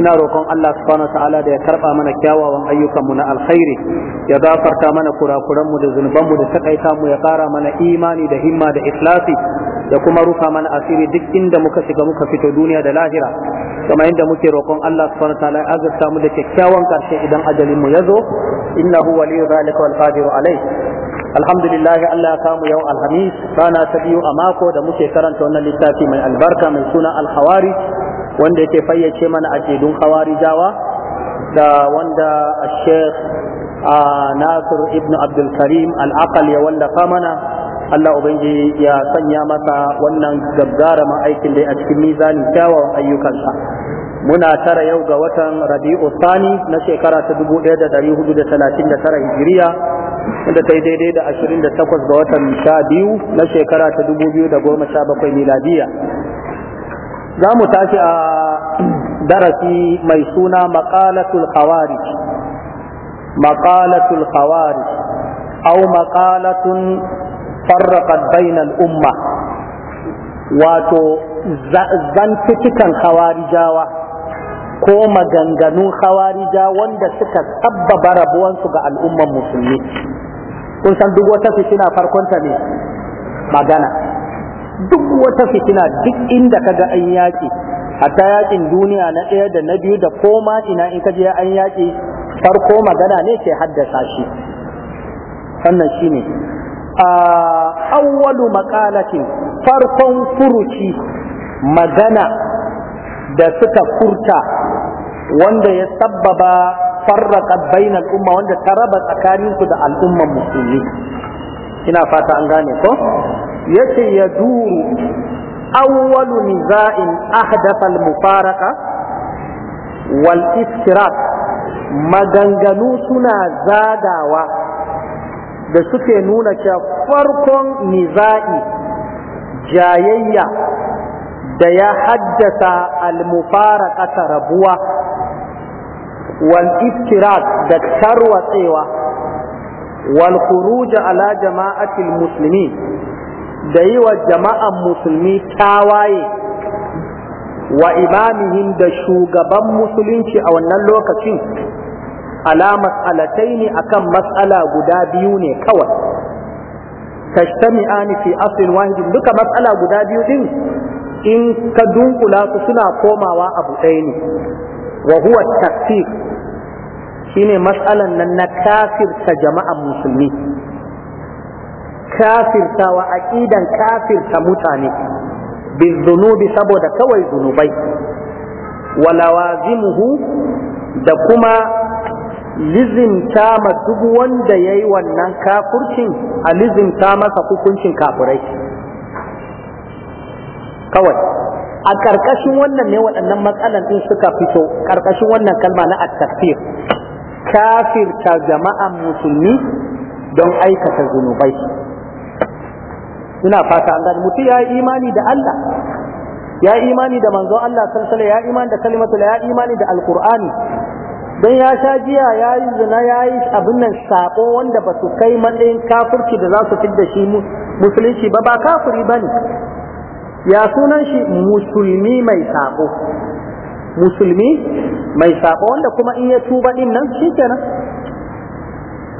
ina roƙon Allah subhanahu wa da ya karɓa mana kyawawan ayyukanmu na alkhairi ya gafarta mana kurakuranmu da zunubanmu da takaita mu ya ƙara mana imani da himma da ikhlasi ya kuma rufa mana asiri duk inda muka shiga muka fito duniya da lahira kamar yadda muke roƙon Allah subhanahu wa ya azurta mu da kyakkyawan ƙarshe idan ajalin mu ya zo innahu waliyyu zalika wal qadiru alayh alhamdulillah Allah ya kamu yau alhamis rana ta biyu a mako da muke karanta wannan littafi mai albarka mai suna alhawari wanda yake fayyace mana aƙidun khawarijawa da wanda Sheikh Nasir ibn Abdul Karim al-Aqal ya wallafa mana Allah ubangi ya sanya masa wannan gaggara aikin da a cikin mizanin kyawawan ayyukansa muna tara yau ga watan Rabi'u Sani na shekara ta 1439 Hijiriya wanda ta yi daidai da 28 ga watan biyu na shekara ta 2017 miladiya za mu tashi a darasi mai suna maƙalatul khawarij maƙalatul khawarij au maƙalatun farraqat bainal umma wato zantucikan khawarijawa ko maganganun khawarija wanda suka sabbaba rabuwansu ga al'umman musulmi kun san duk wata fitina farkonta ne magana duk wata fitina duk inda ka kaga an yaƙi hatta yaƙin duniya na ɗaya da na biyu da koma ina in kaje an yaƙi farko magana ne ke haddasa shi wannan shine a awwalu maqalatin farkon furuci magana da suka furta wanda ya sabbaba farraka bainal umma wanda ta raba tsakaninku da al'umman musulmi ina fata an gane ko yace ya duru awwalu niza'in ahdatha al wal iftirak maganganu suna zagawa da suke nuna cewa farkon niza'i jayayya da ya haddasa al-mufaraka rabuwa wal iftirak da tarwatsewa wal khuruj ala jama'atil muslimin da yi wa jama'an musulmi tawaye wa imamihin da shugaban musulunci a wannan lokacin ala alatai ne akan matsala guda biyu ne kawai tashtami'ani fi aslin wahidin duka matsala guda biyu din in ka dunkula su suna komawa abu ɗaya ne wa huwa tafsir shine matsalan nan na kafirta jama'an musulmi kafirtawa aqidan kafirta mutane bizunubi saboda kawai zunubai walawazimuhu, da kuma lizimta ma duk wanda yayi wannan kafurcin a lizimta masa hukuncin kafurai. kawai a ƙarƙashin wannan ne waɗannan matsalan ɗin suka fito ƙarƙashin wannan kalma na at-takfir kafirta jama'an musulmi don aikata zunubai ina fata an gani mutum ya yi imani da Allah ya yi imani da manzo Allah sallallahu ya yi imani da kalimatu ya yi imani da alqur'ani dan ya sha jiya ya yi zina ya yi abin nan sako wanda ba su kai matsayin kafirci da za su da shi musulunci ba ba kafiri bane ya sunan shi musulmi mai sako musulmi mai sako wanda kuma in ya tuba din nan shikenan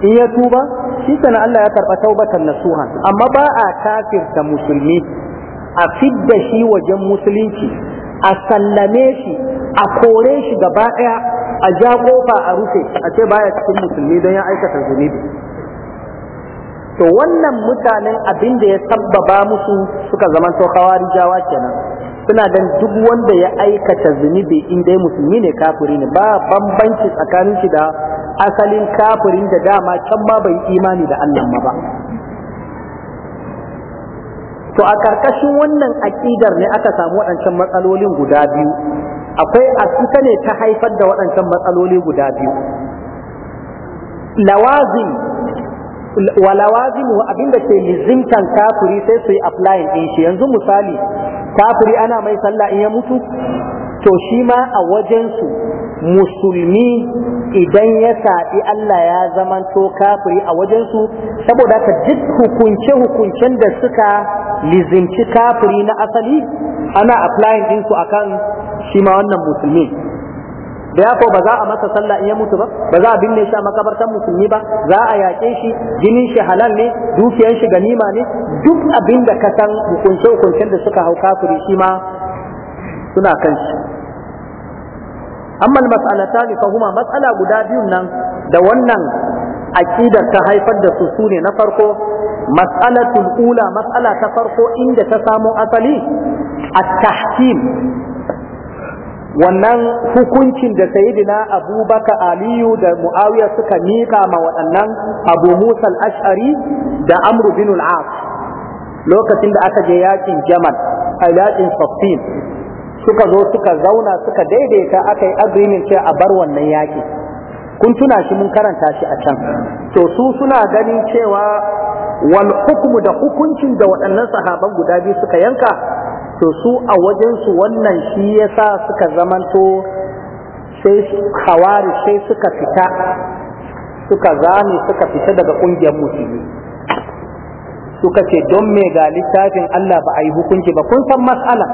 in ya tuba shi sana Allah ya karɓa taubatan nasuhan amma ba a kafirta musulmi a fidda shi wajen musulunci a sallame shi a kore shi gaba ɗaya a ja kofa a rufe a ce baya cikin musulmi don ya aikata zunubi to wannan mutanen abin da ya sabbaba musu suka zama to jawa kenan suna dan duk wanda ya aikata zunubi in dai musulmi ne kafiri ne ba bambanci tsakanin shi da asalin kafirin da dama can ma bai imani da Allah ma ba to a karkashin wannan aƙidar ne aka samu waɗancan matsalolin guda biyu akwai asita ne ta haifar da waɗancan matsaloli guda biyu lawazim wa lawazim wa abinda ke lizimtan kafiri sai su yi applying ɗin shi yanzu misali kafiri ana mai sallah in ya mutu to shi ma a wajensu musulmi idan ya saɗi Allah ya to kafiri a wajensu saboda ka duk hukunce-hukuncen da suka lizinci kafiri na asali ana applying ɗinsu a kan shi ma wannan musulmi da ya ba za a masa sallah in ya mutu ba ba za a binne shi a makabartar musulmi ba za a yaƙe shi jinin shi halal ne dukiyar shi ganima ne duk abinda da ka san hukunce-hukuncen da suka hau kafiri shi ma suna kan shi amma mas'alata ne kuma matsala guda biyun nan da wannan aqidar ta haifar da su sune na farko mas'alatul ula matsala ta farko inda ta samo asali at-tahkim wannan hukuncin da Sayyidina abubakar aliyu da muawiya suka miƙa ma waɗannan abu musa al-ash'ari da amru bin al-as lokacin da aka je yakin jamal a yakin saffin suka zo suka zauna suka daidaita aka yi agreement cewa a bar wannan yaki kun tuna shi mun karanta shi a can to su suna ganin cewa wal hukmu da hukuncin da waɗannan sahaban guda biyu suka yanka to su a su wannan shi yasa suka zamanto sai hawari sai suka fita suka zame suka fita daga ƙungiyar musulmi suka ce don me ga littafin Allah ba a yi hukunci ba kun san mas'ala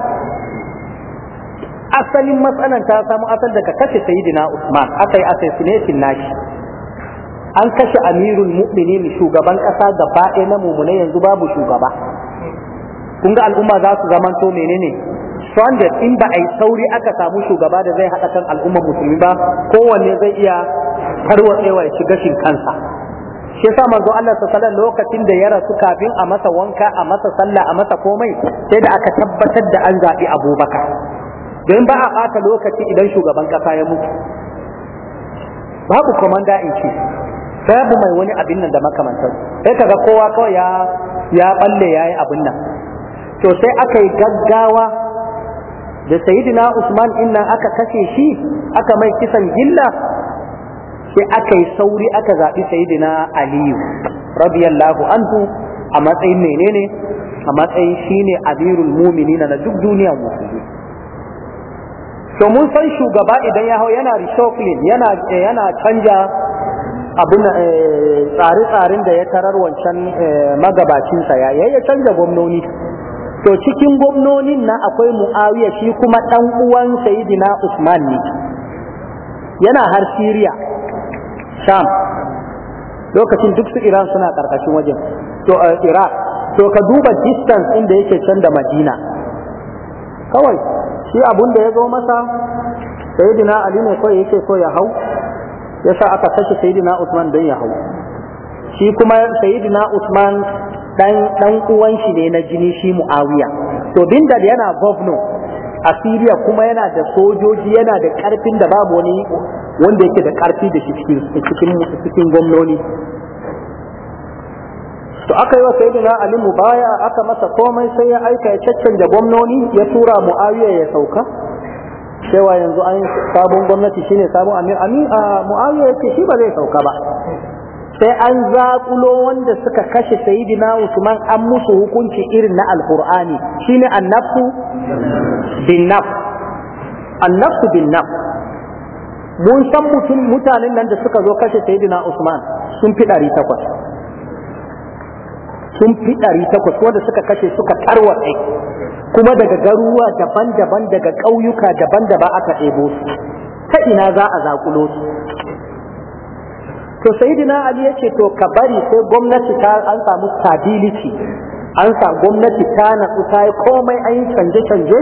asalin matsalan ta samu asal daga kashe sayyidina Usman aka yi assassination nashi an kashe amirul mu'minin shugaban kasa da ɗaya na mumune yanzu babu shugaba kun ga al'umma za su zaman to menene stranded in ba a yi sauri aka samu shugaba da zai haɗa kan al'umma musulmi ba kowanne zai iya tarwatsewa ya shiga shin kansa shi yasa manzo Allah sallallahu lokacin da ya rasu kafin a masa wanka a masa sallah a masa komai sai da aka tabbatar da an zaɓi Abubakar don ba a ɓata lokaci idan shugaban ƙasa ya mutu babu komanda in ce babu mai wani abin nan da makamantar sai kaga kowa kawai ya ya balle yayi abin nan to sai aka yi gaggawa da sayyidina Usman inna aka kashe shi aka mai kisan gilla sai aka yi sauri aka zaɓi sayyidina Aliyu radiyallahu anhu a matsayin menene a matsayin shine amirul mu'minina na duk duniyar musulmi to mun san shugaba idan ya hau yana reshuffling yana eh, yana canja abin eh, tsare-tsaren da ya tarar wancan eh, magabacinsa ya ya canja gwamnoni to cikin gwamnonin na akwai mu'awiya shi kuma dan uwan sayidina usman ne yana har siriya sham lokacin duk su iran suna karkashin wajen to iraq to ka duba distance inda yake can da madina kawai shi abun da ya zo masa sayyidina ali ne kawai yake so ya hau ya sa aka kashe saidina usman don ya hau shi kuma saidina usman dan dan uwan shi ne na jini shi muawiya to binda da yana govno a siriya kuma yana da sojoji yana da karfin da babu wani wanda yake da karfi da shi cikin gwamnoni to aka yi wa sayyidina ali mubaya aka masa komai sai ya aika ya caccanja gwamnoni ya tura muawiya ya sauka cewa yanzu an sabon gwamnati shine sabon amir amin a muawiya yake shi ba zai sauka ba sai an zakulo wanda suka kashe sayyidina usman an musu hukunci irin na alqur'ani shine annafsu bin naf annafsu bin naf mun san mutum mutanen nan da suka zo kashe sayyidina usman sun fi 800 sun fi ɗari takwas wanda suka kashe suka tarwatsa kuma daga garuruwa daban-daban daga ƙauyuka daban-daban aka ɗebo su ta ina za a zaƙulo su to sayidina ali ya ce to ka bari sai gwamnati ta an samu stability an sa gwamnati ta na ta yi komai an yi canje-canje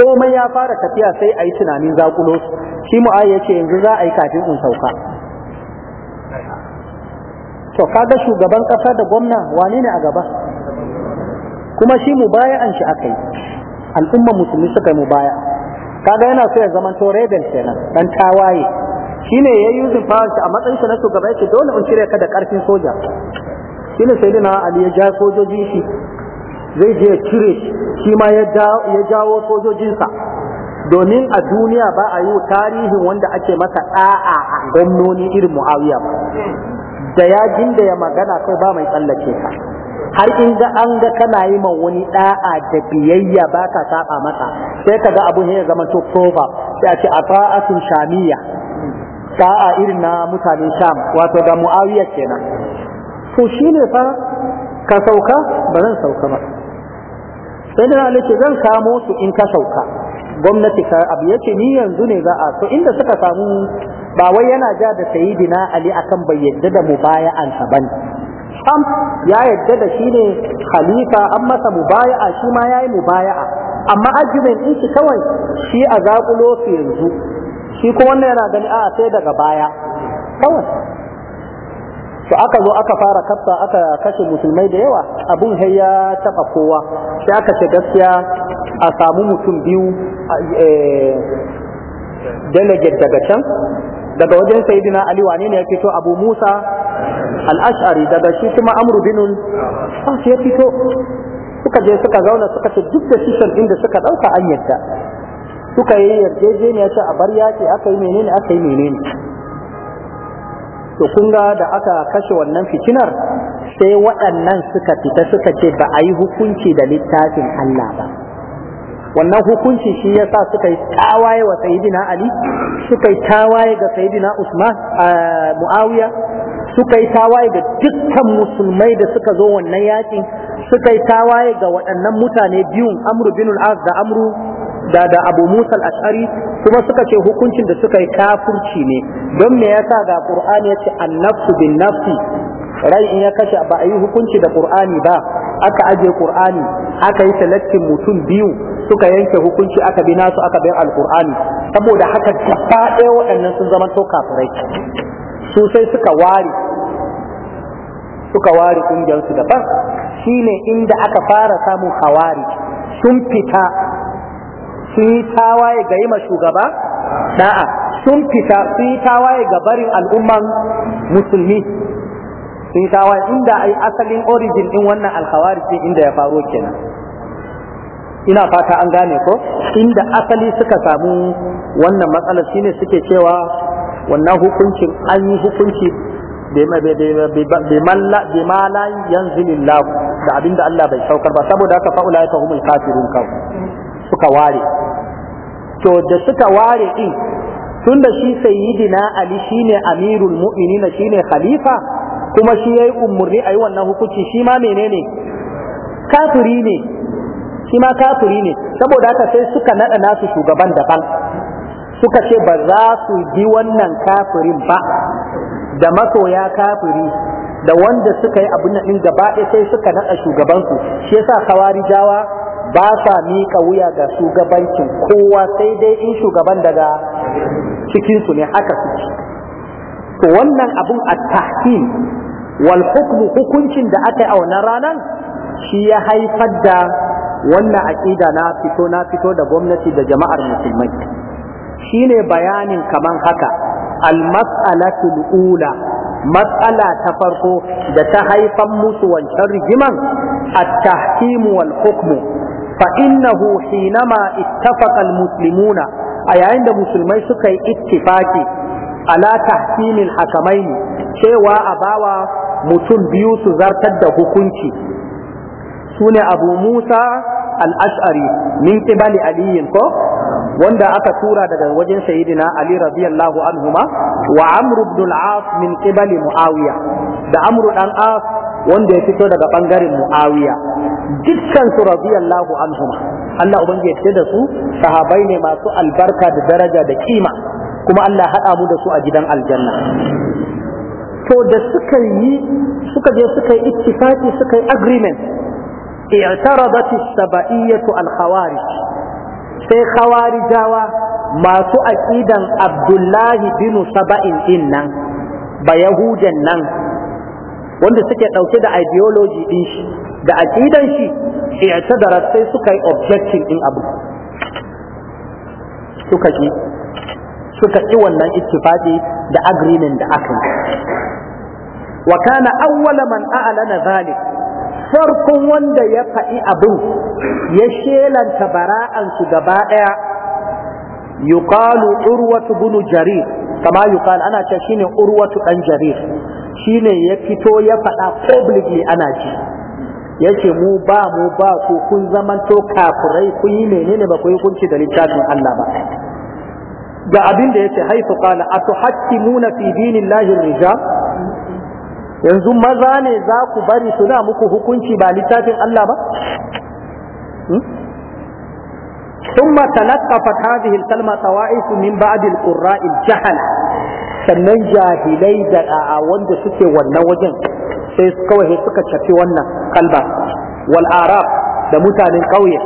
komai ya fara tafiya sai a yi tunanin zakulo shi mu'ayya ce yanzu za a yi kafin in sauka to kaga shugaban kasa da gwamna wane ne a gaba kuma shi mu an shi aka yi al'umma musulmi suka mu baya. kaga yana so ya zama to rebel kenan dan tawaye shine yayi using power a matsayin sa na shugaba yake dole in cire ka da karfin soja shine sayyidina ali ya ja sojoji shi zai je ya cire shi ma ya jawo sojojinsa domin a duniya ba a yi tarihin wanda ake masa ɗa'a a gwamnoni irin muawiya ba da ya da ya magana kai ba mai tsallake ka har in ga an ga kana yi ma wani da'a da biyayya ba ka saba mata sai ka ga abun ya zama to proverb sai a ce ata'atun shamiyya da'a irin na mutanen sham wato da muawiya kenan to shine fa ka sauka ba zan sauka ba sai da ce zan samo su in ka sauka gwamnati ka abu ce ni yanzu ne za a inda suka samu ba wai yana ja da sayidina ali akan bai yadda da mubaya'ansa bane sam ya yadda da shi ne khalifa an masa mubaya'a shi ma yayi mubaya'a amma ajibin din shi kawai shi a zakulo su yanzu shi ko wannan yana gani a sai daga baya kawai to aka zo aka fara kafta aka kashe musulmai da yawa abun sai ya taba kowa sai aka ce gaskiya a samu mutum biyu eh, delegate daga can daga wajen saidina ali wane ne ya fito abu musa al-ash'ari daga shi kuma amru bin as ya fito suka je suka zauna suka ce duk da shishan inda suka dauka an yadda suka yi yarjejeniya ce a bar yaki aka yi menene aka yi menene to kun ga da aka kashe wannan fitinar sai waɗannan suka fita suka ce ba a yi hukunci da littafin Allah ba wannan hukunci shi yasa suka yi tawaye wa sayyidina ali suka yi tawaye ga sayyidina usman muawiya suka yi tawaye ga dukkan musulmai da suka zo wannan yakin suka yi tawaye ga waɗannan mutane biyun amru bin al da amru da da abu musa al-ash'ari kuma suka ce hukuncin da suka yi kafurci ne don me yasa ga qur'ani yace an-nafsu bin nafsi rai in ya kashe ba a yi hukunci da qur'ani ba aka aje qur'ani aka yi talakkin mutum biyu suka yanke hukunci aka bi nasu aka bi alkur'ani saboda haka gaba ɗaya waɗannan sun zama to kafirai su sai suka ware suka ware ƙungiyarsu daban shine inda aka fara samun hawari sun fita sun yi tawaye ga yi shugaba da'a sun fita sun yi tawaye ga barin al'umman musulmi sun yi tawaye inda ai asalin origin din wannan alkhawari inda ya faro kenan ina fata an gane ko inda asali suka samu wannan matsalar shine suke cewa wannan hukuncin an yi hukunci bi ma la da abinda Allah bai saukar ba saboda haka fa'ula ya fahimul kafirun kawai suka ware to da suka ware din tunda shi sayyidina ali shine amirul mu'minina shine khalifa kuma shi yayi umurni ayi wannan hukunci shi ma menene kafiri ne shi ma kafiri ne saboda haka sai suka naɗa nasu shugaban daban suka ce ba za su bi wannan kafirin ba da masoya kafiri da wanda suka yi abin nan gaba ɗaya sai suka naɗa shugabansu shi yasa kawari jawa ba sa miƙa wuya ga shugabancin kowa sai dai in shugaban daga cikinsu ne haka suke to wannan abun a tahkim wal hukuncin da aka yi a wannan ranar shi ya haifar da wannan aƙida na fito na fito da gwamnati da jama'ar musulmai shine bayanin kaman haka al ula matsala ta farko da ta haifan musu wancan rigiman at-tahkimu wal hukmu fa innahu hinama ittafaqa al a yayin da musulmai suka yi ittifaki ala tahkimil ne, cewa a bawa mutum biyu su zartar da hukunci sune abu musa al'asari min kibali aliyin ko wanda aka tura daga wajen sayidina ali radiyallahu anhuma wa amru ibn al-as min qibali muawiya da amru dan as wanda ya fito daga bangaren muawiya dukkan su radiyallahu anhuma Allah ubangiji ya da su sahabai ne masu albarka da daraja da kima kuma Allah hada mu da su a gidan aljanna to da suka yi suka je suka yi suka yi agreement i'taradat as-saba'iyyah al-khawarij sai khawarijawa masu aqidan Abdullahi bin Saba'in din nan nan wanda suke ɗauke da ideology din shi da aqidan shi i'tadarat sai suka yi objection ɗin abu suka ƙi suka ki wannan ittifaqi da agreement da aka yi wa kana awwala man a'lana zalik farkon wanda ya faɗi abin ya shelanta bara'ansu gaba ɗaya yuqalu urwatu bunu jarir kama yuqal ana ce shine urwatu dan jarir shine ya fito ya faɗa publicly ana ji yace mu ba mu ba ku kun zamanto kafirai kun yi menene ba ku yi kunci da littafin Allah ba ga abin da yace haifu qala atuhakkimuna fi dinillahi rijal yanzu maza ne za ku bari suna muku hukunci ba littafin Allah ba ثم تلقفت هذه kalma tsawaisu min بعد القراء الجهل sannan jahilai da a wanda suke wannan wajen sai kawai suka cafi wannan kalba wal arab da mutanen ƙauye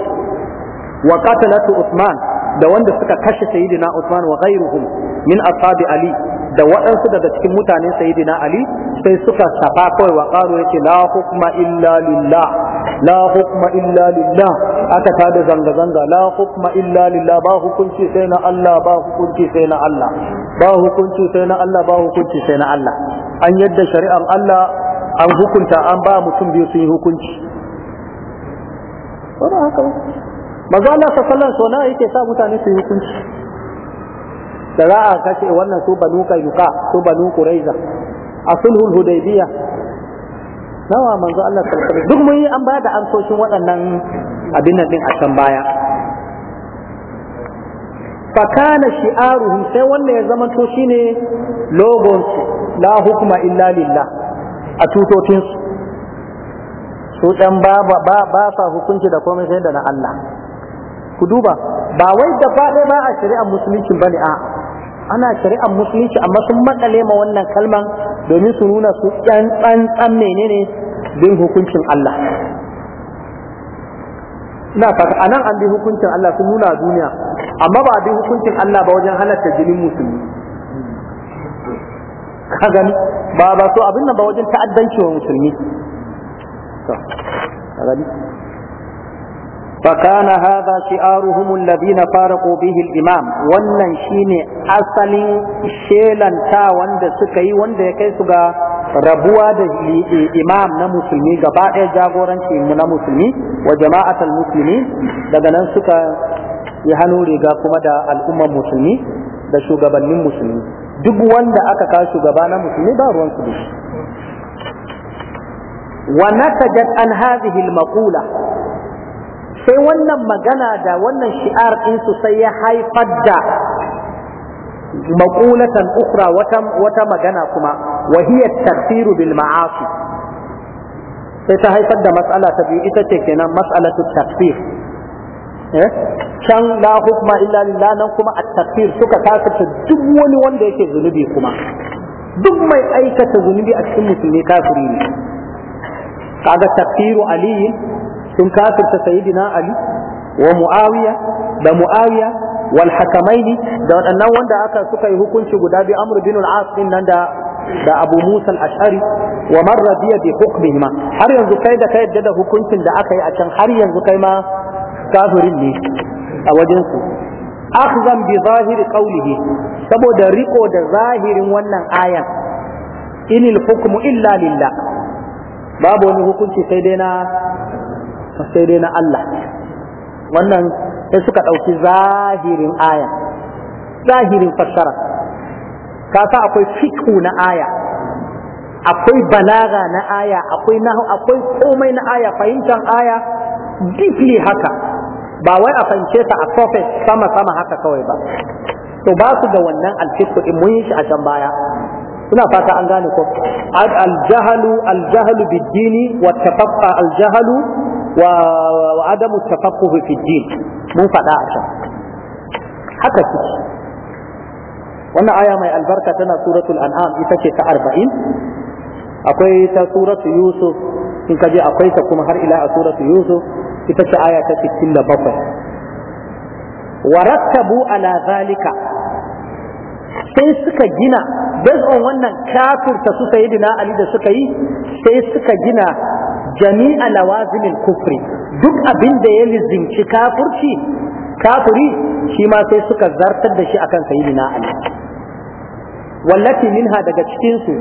wa qatalatu usman da wanda suka kashe sayyidina usman wa ghairuhum min ashabi ali da waɗansu daga cikin mutanen sayyidina ali sai suka safa kawai wa ƙaro ya ce la hukma illa lillah la hukma illa lillah aka tada zanga-zanga la hukma illa lillah ba hukunci sai na Allah ba hukunci sai na Allah ba hukunci sai na Allah ba hukunci sai na Allah an yadda shari'ar Allah an hukunta an ba mutum biyu sun yi hukunci ba haka ba maza Allah sallallahu alaihi wasallam yake sa mutane su yi hukunci da za a kace wannan su banu kayuka su banu quraiza a sulhul hudaybiya nawa manzo Allah sallallahu duk mun yi an ba da amsoshin waɗannan abin nan din a baya fakana shi'aruhum sai wanda ya zama to shine logon la hukma illa lillah a tutotin su su dan ba ba ba sa hukunci da komai sai da na Allah ku duba ba wai da faɗe ba a shari'ar musulunci bane a ana shari'ar musulunci amma sun matsale ma wannan kalman domin su nuna su ɗan ɗan ɗan menene bin hukuncin Allah na fata a nan an bi hukuncin Allah sun nuna duniya amma ba a bi hukuncin Allah ba wajen halatta jinin musulmi ka gani ba ba so abin nan ba wajen ta'addanci wa musulmi to ka gani فكان هذا شعارهم الذين فارقوا به الإمام wannan shine asalin shelanta wanda suka yi wanda ya kai su ga rabuwa da imam na musulmi gaba ɗaya jagoranci na musulmi wa jama'atul musulmi daga nan suka yi hannu riga kuma da al'ummar musulmi da shugabannin musulmi duk wanda aka kawo shugaba na musulmi ba ruwan su wa natajat an hazihi al-maqula sai wannan magana da wannan shi'ar ɗinsu sai ya haifar da maƙulatan ukra wata magana kuma wahiyar tarfiru bil ma'asi sai ta haifar da matsala ta biyu ita ce kenan matsalatu tarfir eh? can la hukma illa lillah nan kuma at takfir suka kafirta duk wani wanda yake zunubi kuma duk mai aikata zunubi a cikin musulmi kafiri ne kaga tafsiru aliyin sun kafirta sayyidina ali wa muawiya da muawiya wal hakamaini da waɗannan wanda aka suka yi hukunci guda biyu amr bin al-as din nan da da abu musa al-ash'ari wa man radiya bi hukmihima har yanzu kai da kai da hukuncin da aka yi a can har yanzu kai ma kafirin ne a wajen su akhzan bi zahiri qawlihi saboda riko da zahirin wannan ayan inil hukmu illa lillah babu wani hukunci sai dai na sai dai na Allah wannan sai suka ɗauki zahirin aya zahirin fassara kasa akwai fiku na aya akwai balaga na aya akwai nahu akwai komai na aya fahimtar aya deeply haka ba wai a fahimce ta a prophet sama sama haka kawai ba to ba su da wannan alfiku din mun yi shi a can baya suna fata an gane ko al jahalu al jahalu bid dini wa al jahalu wa adamu tafakku fi din mun faɗa a can haka suke wannan aya mai albarka tana suratul an'am ita ce ta arba'in akwai ta suratul yusuf in ka je akwai ta kuma har ila a yusuf ita ce aya ta zalika sai suka gina based on wannan kafirta su dina ali da suka yi sai suka gina jami'a lawazimin kufri duk abin da ya lizinci kafurci kafuri shi ma sai suka zartar da shi akan sayyidina ali wallati ha daga cikin su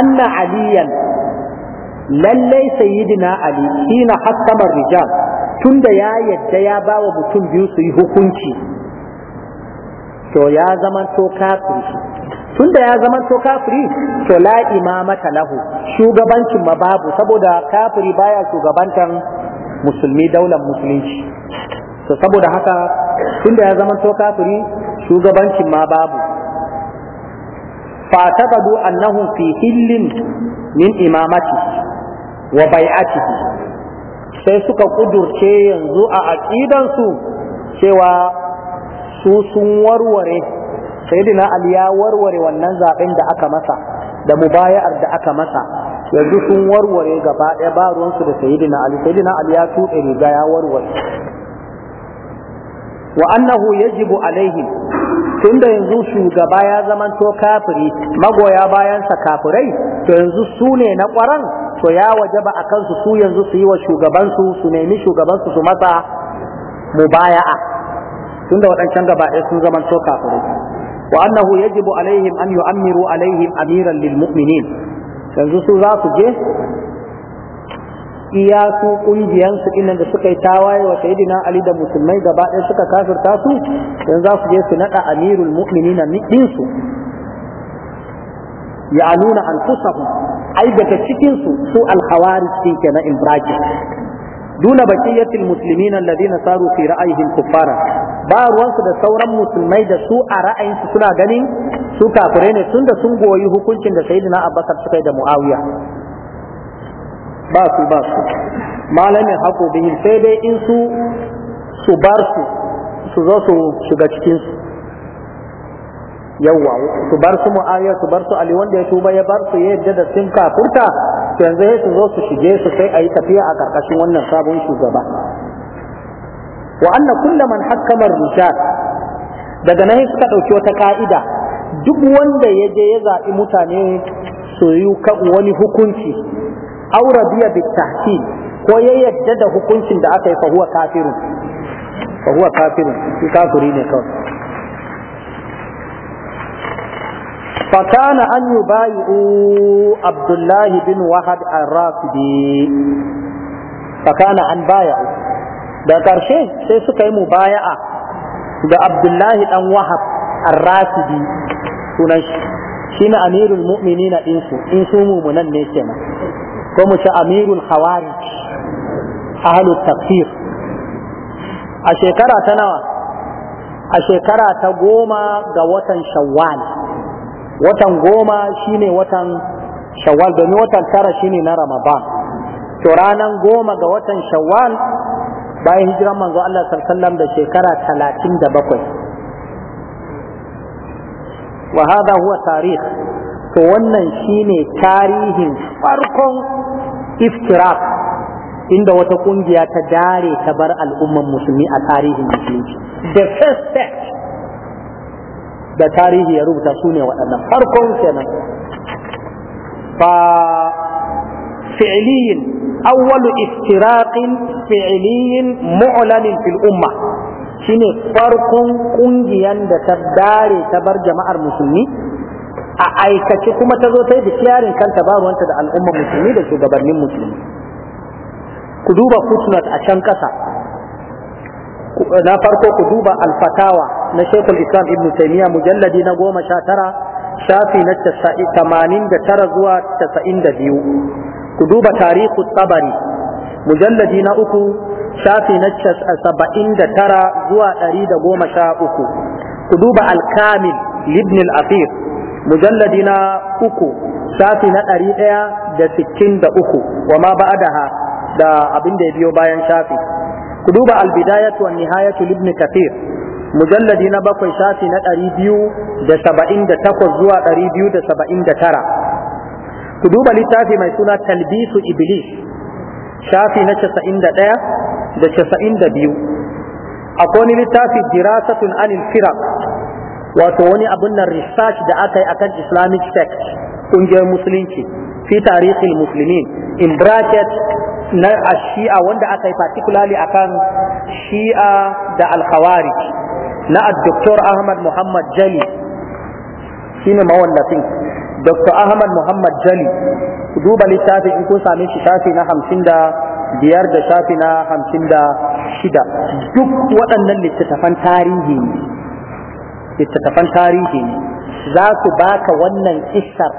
anna aliyan lallai sayyidina ali hina hakkama rijal tunda ya yadda ya bawa mutum biyu su yi hukunci to ya zama to kafiri tunda ya zama to kafiri to la imamata lahu shugabancin ma babu saboda kafiri baya shugabantan musulmi daular musulunci to saboda haka tunda ya zama to kafiri shugabancin ma babu fataqadu annahu fi hillin min imamati wa bai'ati sai suka kudurce yanzu a aqidansu cewa su sun warware sayyidina ali ya warware wannan zaben da aka masa da mubaya'ar da aka masa yanzu sun warware gaba ɗaya ba ruwansu da sayyidina ali sayyidina ali ya tuɗe riga ya warware wa annahu yajibu alaihim tunda yanzu shugaba ya to kafiri magoya bayansa kafirai to yanzu su ne na ƙwaran to ya wajaba a kansu su yanzu su yi wa shugabansu su nemi shugabansu su masa mubaya'a tunda waɗancan gaba ɗaya sun to kafirai wa annahu yajibu alaihim an yu'ammiru alaihim amiran lil mu'minin yanzu su za su je inda da suka yi tawaye wa ali da musulmai gaba ɗaya suka kafirta su yanzu za su je su naɗa amirul mu'minina din su ya aluna anfusahum ai daga cikin su su alhawari din na in duna baqiyatil muslimin alladhina saru fi ra'ayihim kuffara ba ruwansu da sauran musulmai da su a ra'ayinsu suna ganin su kafirai ne tunda sun goyi hukuncin da sayyidina Abubakar suka yi da Muawiya ba su ba su malamin haƙo bihin sai dai in su su bar su su zo su shiga cikin yawwa su bar su mu'awiya su bar su ali wanda ya tuba ya bar su ya yadda da sun kafurta yanzu sai su zo su shige su sai a yi tafiya a karkashin wannan sabon shugaba wa anna kulla man hakkama rijal daga nan suka dauki wata ka'ida duk wanda ya je ya zaɓi mutane su yi wani hukunci aura biya bi ko ya yadda da hukuncin da aka yi fa huwa kafirun fa huwa kafirun kafiri ne kawai فكان أن يبايعوا عبد الله بن وهب الرافدي فكان أن بايعوا da ƙarshe sai suka yi mubaya'a ga Abdullahi dan Wahab ar-Rasidi sunan shi shine amirul mu'minina din in su mu'minan ne kenan ko mu ce amirul khawarij tafsir a shekara ta nawa a shekara ta goma ga watan shawwal watan goma shine watan shawwal domin watan tara shine na ramadan to ranar goma ga watan shawwal bayan hijiran manzo Allah sallallahu da shekara talatin da bakwai wa hada huwa tarih to wannan shine tarihin farkon iftirak inda wata kungiya ta dare ta bar al'umman musulmi a tarihin musulunci the first step da tarihi ya rubuta su ne waɗannan farkon kenan fa fi'liyin awwalu iftiraqin fi'liyin mu'lanin fil umma shine farkon kungiyan da ta dare ta bar jama'ar musulmi a aikace kuma ta zo ta yi declaring kanta ba ruwanta da al'ummar musulmi da shugabannin musulmi ku duba footnote a can ƙasa, na farko ku duba alfatawa na shekul islam ibn taimiyya mujalladi na goma sha tara shafi na tamanin da tara zuwa tasa'in da biyu ku duba tarihu tsabari mujalladi na uku shafi na saba'in da tara zuwa ɗari da goma sha uku ku duba alkamil ibn al mujalladi na uku shafi na ɗari ɗaya da sittin da uku wa ma ba'adaha da abin da ya biyo bayan shafi ku duba albidayatu wa nihayatu Libni kathir mujalladi na bakwai shafi na ɗari biyu da saba'in da takwas zuwa ɗari biyu da saba'in da tara ku duba littafi mai suna talbisu iblis shafi na casa'in da ɗaya da casa'in da biyu A wani littafi dirasatun anil firak wato wani abin nan research da aka yi akan islamic sect ƙungiyar musulunci fi tarihin musulmin in bracket na shi'a wanda aka yi particularly akan shi'a da alkhawari na Dr. Ahmad Muhammad Jali shi ne mawallafin Dr. Ahmad Muhammad Jali ku duba littafin in kun same shi shafi na hamsin da biyar da shafi na hamsin da shida duk waɗannan littattafan tarihi ne littattafan tarihi ne za su baka wannan isar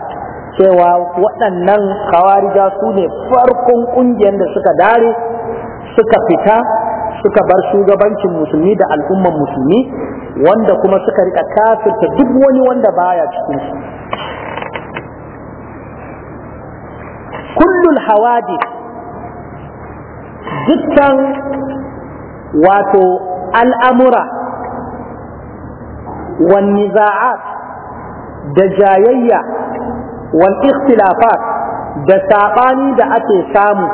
cewa waɗannan kawarija su ne farkon ƙungiyar da suka dare suka fita suka bar shugabancin musulmi da al'umman musulmi wanda kuma suka rika kafirta duk wani wanda baya cikin su kullul hawadi dukkan wato al'amura wan niza'at da jayayya wal ikhtilafat da saɓani da ake samu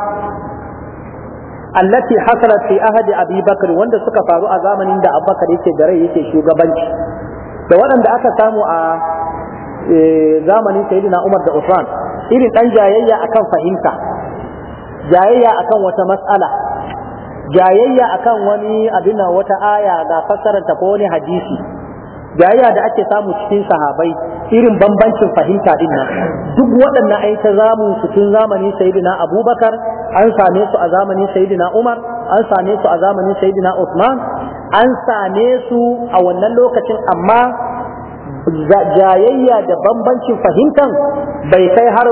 allati hasalat fi ahadi abi bakr wanda suka faru a zamanin da abubakar yake da rai yake shugabanci da waɗanda aka samu a e, zamanin sayyidina umar da usman irin ɗan jayayya akan fahimta jayayya akan wata matsala, jayayya akan wani abin wata aya ga fassararta ko wani hadisi jayayya da ake samu cikin sahabai irin bambancin fahimta din duk waɗannan ai ta zamu su zamanin sayyidina abubakar an same su a zamanin sayyidina Umar an same su a zamanin sayyidina Usman, an same su a wannan lokacin amma jayayya da bambancin fahimtar bai kai har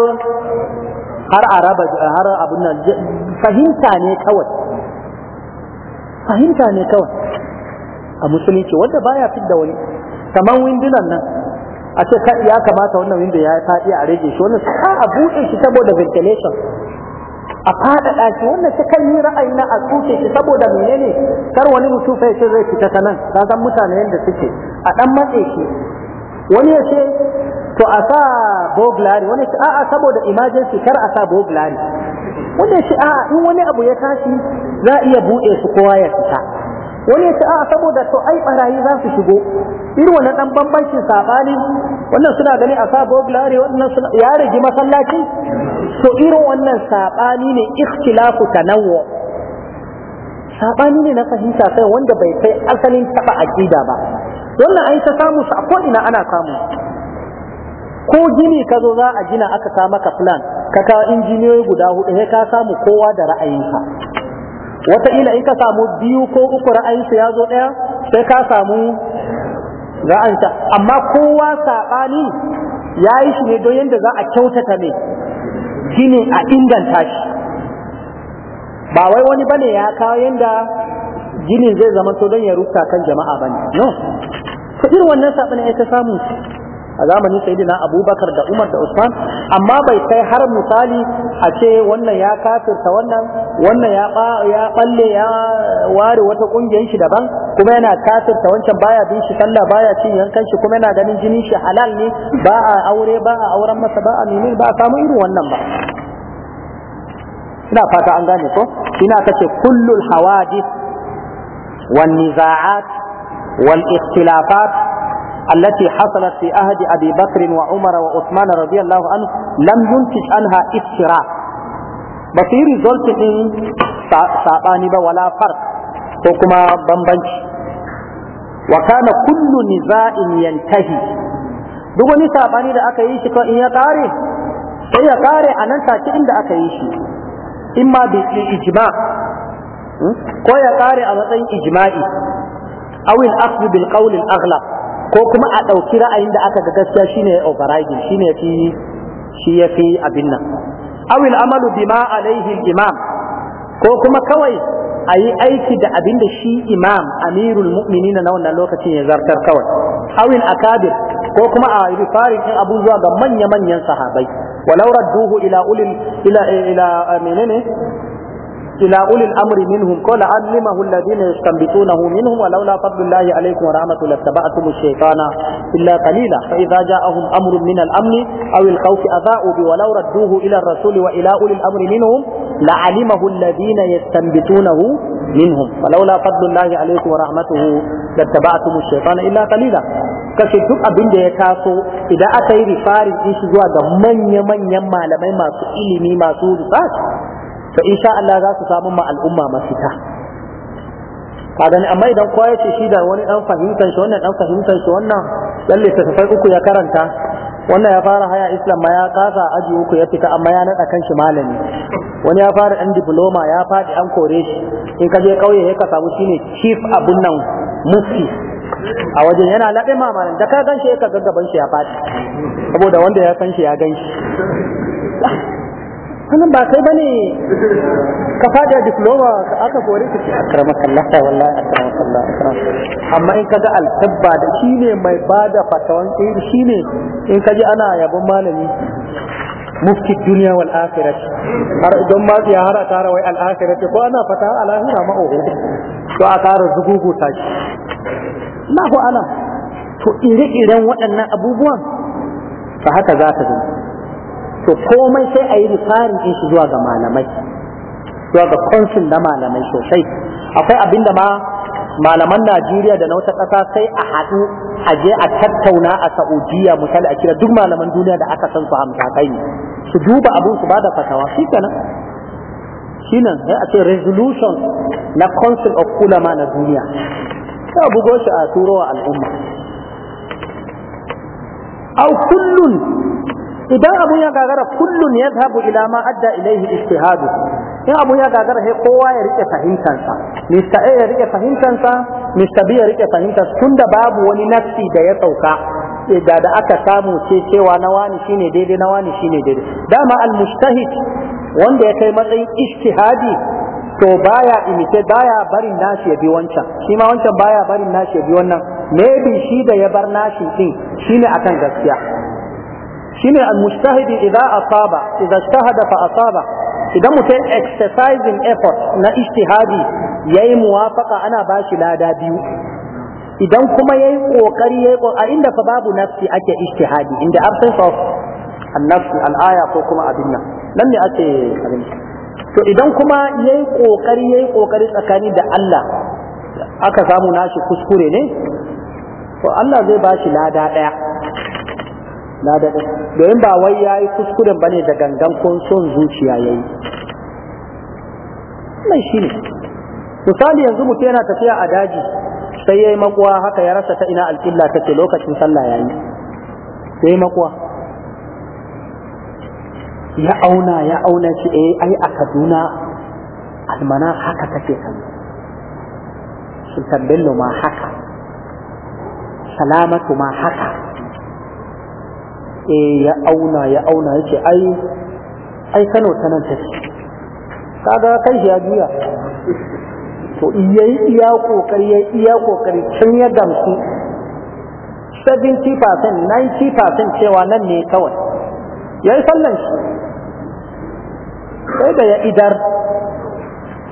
har araba har abun nan fahimta ne kawai fahimta ne kawai a musulunci wanda baya fit da wani kaman windunan nan a ce ya kamata wannan windo ya faɗi a rage shi wannan a buɗe shi saboda ventilation a faɗaɗa shi wannan ta kan yi ra'ayi na a tuce shi saboda menene kar wani mutum sai ce zai fita ta nan ka san mutane yadda suke a ɗan matse shi wani ya ce to a sa boglari wani ce a'a saboda emergency kar a sa boglari wani ya ce a'a in wani abu ya tashi za a iya buɗe su kowa ya fita wani ya ce a saboda to ai barayi za su shigo irin wannan dan bambancin sabani wannan suna gani a sabo burglary wannan suna ya rage masallaci to irin wannan sabani ne ikhtilafu tanawwu sabani ne na fahimta kai wanda bai kai asalin taba aqida ba wannan ai ta samu a ko ina ana samu ko gini ka zo za a gina aka ka maka plan ka kawo injiniyoyi guda hudu sai ka samu kowa da ra'ayinsa Wata wataƙila in ka samu biyu ko uku ra'ayinsu ya zo ɗaya sai ka samu ra'ayinsa amma kowa saɓani ya yi shi ne don yadda za a kyautata ne shine a inganta shi ba wai wani bane ya kawo yadda ginin zai zama to don ya rufta kan jama'a bane no to irin wannan saɓani ya ta samu a zamanin sayyidina abubakar da umar da usman amma bai kai har misali a ce wannan ya kafirta wannan wannan ya ya balle ya ware wata kungiyar shi daban kuma yana kafirta wancan baya bin shi sallah baya ci yankan shi kuma yana ganin jinin shi halal ne ba a aure ba a auren masa ba a menene ba a samu irin wannan ba ina fata an gane ko ina kace kullul hawadith wan niza'at wal ikhtilafat التي حصلت في عهد أبي بكر وعمر وعثمان رضي الله عنه لم ينتج عنها افتراء بصير ريزولت إن ساباني ولا فرق وكما بمبنش وكان كل نزاع ينتهي duk wani sabani da aka yi shi to in ya kare sai ya kare a nan take inda aka yi shi in ma bi ijma ko ya ƙare a matsayin ijima'i? awil akhdh bil qawl ko kuma a ɗauki ra'ayin da aka ga gaskiya shine overriding shine fi shi ya fi abin nan awil amalu bima alaihi imam ko kuma kawai a yi aiki da abin da shi imam amirul mu'minina na wannan lokacin ya zartar kawai awil akabir ko kuma a rifarin in abu ga manya-manyan sahabai walau radduhu ila ulil ila ila menene إلى أولي الأمر منهم قال علمه الذين يستنبطونه منهم ولولا فضل الله عليكم ورحمة لاتبعتم الشيطان إلا قليلا فإذا جاءهم أمر من الأمن أو الخوف أذاعوا به ولو ردوه إلى الرسول وإلى أولي الأمر منهم لعلمه الذين يستنبطونه منهم ولولا فضل الله عليكم ورحمته لاتبعتم الشيطان إلا قليلا kashe duk abin da ya taso idan aka yi rifarin shi zuwa ga manya-manyan malamai masu ilimi masu research fa insha Allah za su samu ma al'umma mafita ka gani amma idan kowa ya ce shi da wani dan fahimtar shi wannan dan fahimtar shi wannan dan littattafai uku ya karanta wannan ya fara haya islam ma ya kasa aji uku ya fita amma ya nada kan shi malami wani ya fara dan diploma ya fadi an kore shi in ka je kauye ya ka samu shine chief abun nan mufti a wajen yana labe mamalan da ka gan shi ka gaggaban shi ya fadi saboda wanda ya san shi ya ganshi. wannan ba kai bane ka fada diploma ka aka kore ka akrama kallaha wallahi akrama kallaha akrama amma in kaga altabba da shine mai bada fatawan iri eh, shine in kaji ana yabon malami mufti duniya wal akhirat har don ma ya har a tara wai al akhirat ko ana fata al akhira ma oho to a tara zugugu ta shi ko ala to ire-iren waɗannan abubuwan fa haka za ta zama to komai sai a yi rifarin din shi zuwa ga malamai zuwa ga konsul na malamai sosai akwai abinda ma malaman Najeriya da na wata ƙasa sai a haɗu a je a tattauna a Saudiya misali a kira duk malaman duniya da aka san su hamsa kai ne su duba abin su bada fatawa shi kenan shi nan sai a ce resolution na council of ulama na duniya sai bugo shi a turowa al'umma au kullun idan abun ya gagara kullun ya zahabu ila ma adda ilaihi ijtihadu in abun ya gagara sai kowa ya rike fahimtansa mista a ya rike fahimtansa mista b ya rike fahimtansa tunda babu wani nafsi da ya sauka eh, da da aka samu ce cewa na wani shine daidai na wani shine daidai dama al mujtahid wanda ya kai matsayin ijtihadi to baya imite baya barin nashi ya bi wancan shi ma wancan baya barin nashi ya bi wannan maybe shi da ya bar nashi din shine akan gaskiya shine al-mujtahidi idza asaba idza ijtahada fa asaba idan mutum exercising effort na ijtihadi yayi muwafaqa ana bashi lada biyu idan kuma yayi kokari yayi a inda fa babu nafsi ake ijtihadi in the absence of an-nafs al-aya ko kuma abin nan nan ne ake abin to idan kuma yayi kokari yayi kokari tsakani da Allah aka samu nashi kuskure ne to Allah zai bashi lada daya na daɗe domin ba wai ya yi kuskuren ba ne da gangan ko son zuciya ya yi wannan shi ne misali yanzu mutum yana tafiya a daji sai ya yi makuwa haka ya rasa ta ina alƙilla ta ce lokacin sallah ya yi ya yi makuwa ya auna ya auna shi eh ai a kaduna almana haka take kan sultan bello ma haka salamatu ma haka eh ya auna ya auna ce ai ai Kano ta nan take kaga kai shi ya juya to yayi iya kokari ya iya kokari can ya gamsu 70% 90% cewa nan ne kawai yayi sallan shi sai da ya idar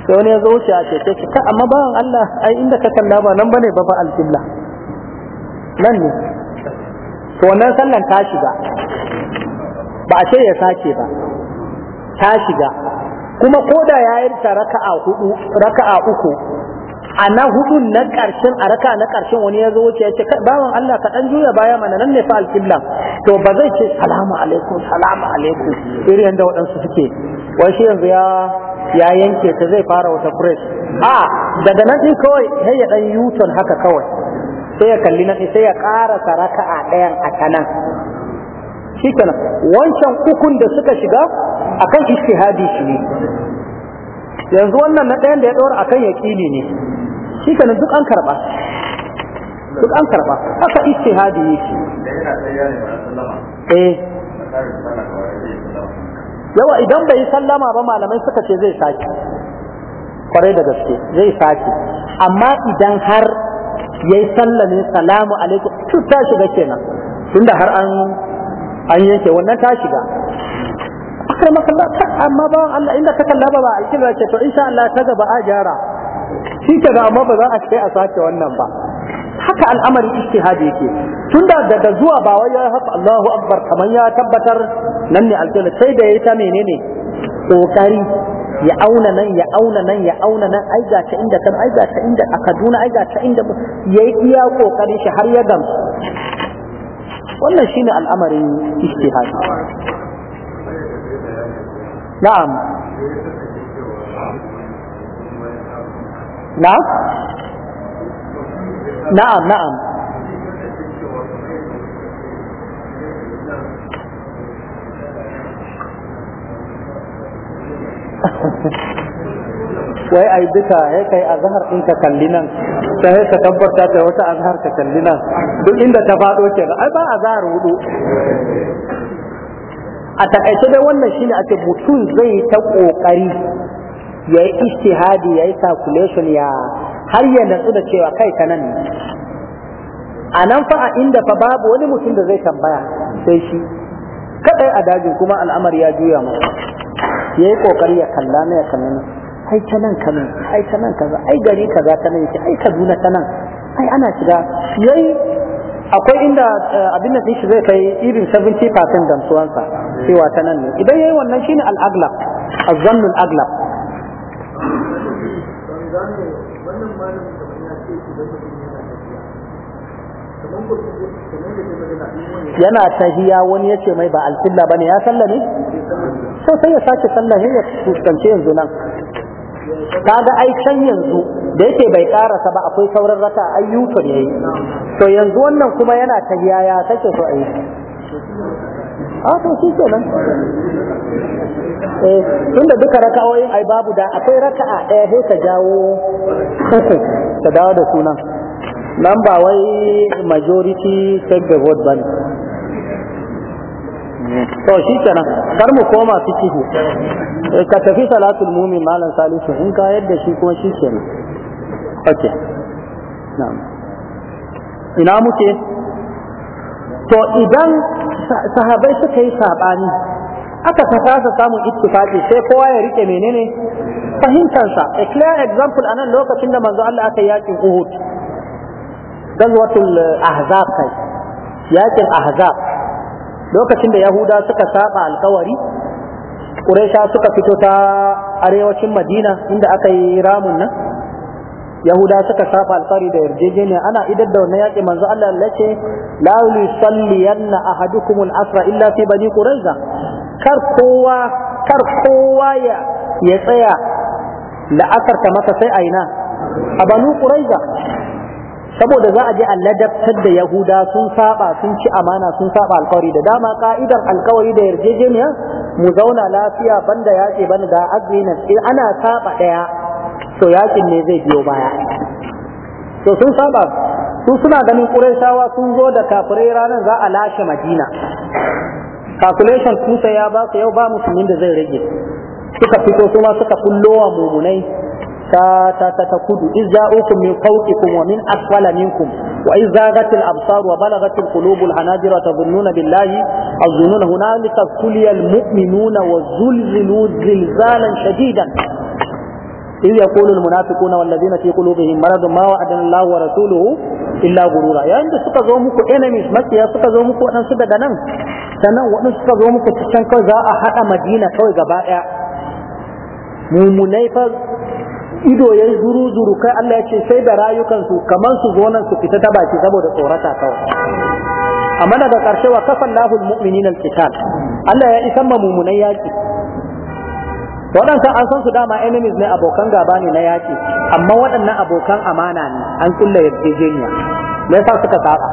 sai wani ya zo wuce a ce ka amma bawan Allah ai inda ka kalla ba nan bane ba ba alƙibla nan ne to wannan sallan ta shiga ba a ce ya sake ba ta shiga kuma ko da ya yi ta raka'a hudu raka'a uku a na hudu na karshen a raka na karshen wani ya zo wuce ya ce bawan Allah ka dan juya baya mana nan ne fa alqibla to ba zai ce salamu alaikum salamu alaikum irin yanda waɗansu suke wai shi yanzu ya ya yanke ta zai fara wata fresh a daga nan din kawai sai ya dan yuton haka kawai sai ya kalli nan sai ya ƙara saraka a ɗayan a kanan shi kenan wancan ukun da suka shiga akan ijtihadi shi ne yanzu wannan na ɗayan da ya ɗora akan yaƙini ne shi kenan duk an karɓa duk an karɓa iske ijtihadi ne shi eh yawa idan bai sallama ba malamai suka ce zai sake kwarai da gaske zai sake amma idan har yayi sallame salamu alaikum to ta shiga kenan tun da har an yanke wannan ta shiga akar makalla amma ba Allah inda ka kalla ba ba a ce to insha Allah ta gaba a gyara shi ka ga amma ba za a kai a sake wannan ba haka al'amari ijtihadi yake tunda da da zuwa ba wai ya haka Allahu akbar kamar ya tabbatar nan ne aljanna sai da yayi ta menene kokari ya auna nan ya auna nan ya auna nan ai ga ta inda kan ai ga ta inda a Kaduna ai ga ta inda yayi iya kokarin shi har ya gam. wannan shine al'amarin ijtihad na'am na'am na'am na'am wai ai duka ya kai azhar din ka kalli nan sai ka tabbata ta wata azhar ka kalli nan duk inda ta fado ke ai ba azhar hudu a takaice dai wannan shine ake mutum zai ta kokari ya yi istihadi ya yi calculation ya har ya natsu da cewa kai ka nan a fa a inda fa babu wani mutum da zai tambaya sai shi kadai a dajin kuma al'amari ya juya masa ya yi kokari ya kalla na ya kalla na ai ta nan kano ai ta nan kaza ai gari kaza ta nan yake ai kaduna ta nan ai ana shiga yayi akwai inda eh, abin da shi zai kai irin 70% suwansa cewa ta nan ne idan yayi wannan shine al-aglab az-zann al-aglab yana tahiya wani yace mai ba alfilla bane ya sallame so sai ya sake sallah sai ya fuskanci yanzu nan kaga ai can yanzu da yake bai karasa ba akwai sauran raka ayyukan yayi to yanzu wannan kuma yana ta yaya take so ai a ah, to shi kenan eh tunda duka raka'o'in ai babu da akwai raka'a ɗaya sai ka jawo uku ka dawo da sunan nan ba wai majority take the vote ban to shi kenan kar mu koma fikihu eh, ka tafi salatul mumin malam salisu in ka yadda shi kuma shi kenan okay na'am ina muke to idan sahabai suka yi sabani aka ta fasa samun ittifaqi sai kowa ya rike menene fahimtansa a clear example anan lokacin da manzo Allah aka yakin Uhud gazwatul ahzab kai yakin ahzab lokacin da yahuda suka saba alkawari ƙuraisha suka fito ta arewacin madina inda aka yi ramun nan yahuda suka saba alkawari da yarjejeniya ana idar da wannan yaƙi manzo Allah ya ce la yusalliyanna ahadukum al-asra illa fi bani quraiza kar kowa kar kowa ya ya tsaya la'akarta ta masa sai aina a banu quraiza saboda za a je a ladabtar da yahuda sun saba sun ci amana sun saba alkawari da dama ka'idan alkawari da yarjejeniya mu zauna lafiya banda yaƙi banda da agreement in ana saba ɗaya to yakin ne zai biyo baya to sun saba su suna ganin ƙuraishawa sun zo da kafirai ranar za a lashe madina calculation kusa ya ba su yau ba musulmin da zai rage suka fito su suka kullo wa mumunai ta ta ta kudu iz ja'ukum min fawqikum wa min asfala minkum wa iz zaghatil absar wa balagatil qulubul hanajira tadhunnuna billahi azununa hunalika kuliyal mu'minuna wa zulzilu zilzalan shadidan إذ يقول المنافقون والذين في قلوبهم مرض ما وعدنا الله ورسوله إلا غرورا يا عند سكا زومك enemies makiya suka zo muku waɗansu daga nan waɗansu suka zo muku cikin za a haɗa madina kawai gaba ɗaya ido ya yi zuru zuru kai Allah ya ce sai da rayukansu kamar su zo nan su fita ta baki saboda tsorata kawai amma daga ƙarshe wa kafan lahul mu'minin al Allah ya isan ma mumunan yaki waɗansa an san su dama enemies ne abokan gaba ne na yaki amma waɗannan abokan amana ne an kulla yarjejeniya me yasa suka saba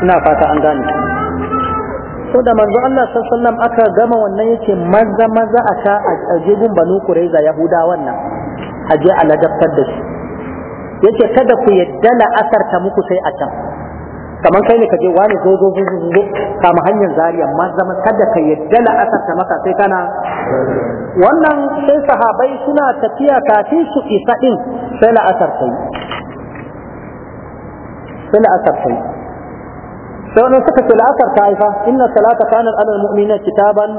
ina fata an gane so da manzo Allah sallallahu aka gama wannan yake maza maza a ta a jibin banu kuraiza yahuda wannan a je a ladabtar da shi yace kada ku yadda la'asar ta muku sai a can kamar kai ne ka je wani zo zo zo zo kama hanyar zariya maza maza kada ka yadda la'asar ta maka sai kana wannan sai sahabai suna tafiya kafin su isa din sai la'asar ta yi sai la'asar ta yi sai wani suka ce la'asar ta haifa inna salata kanar alal mu'mina kitaban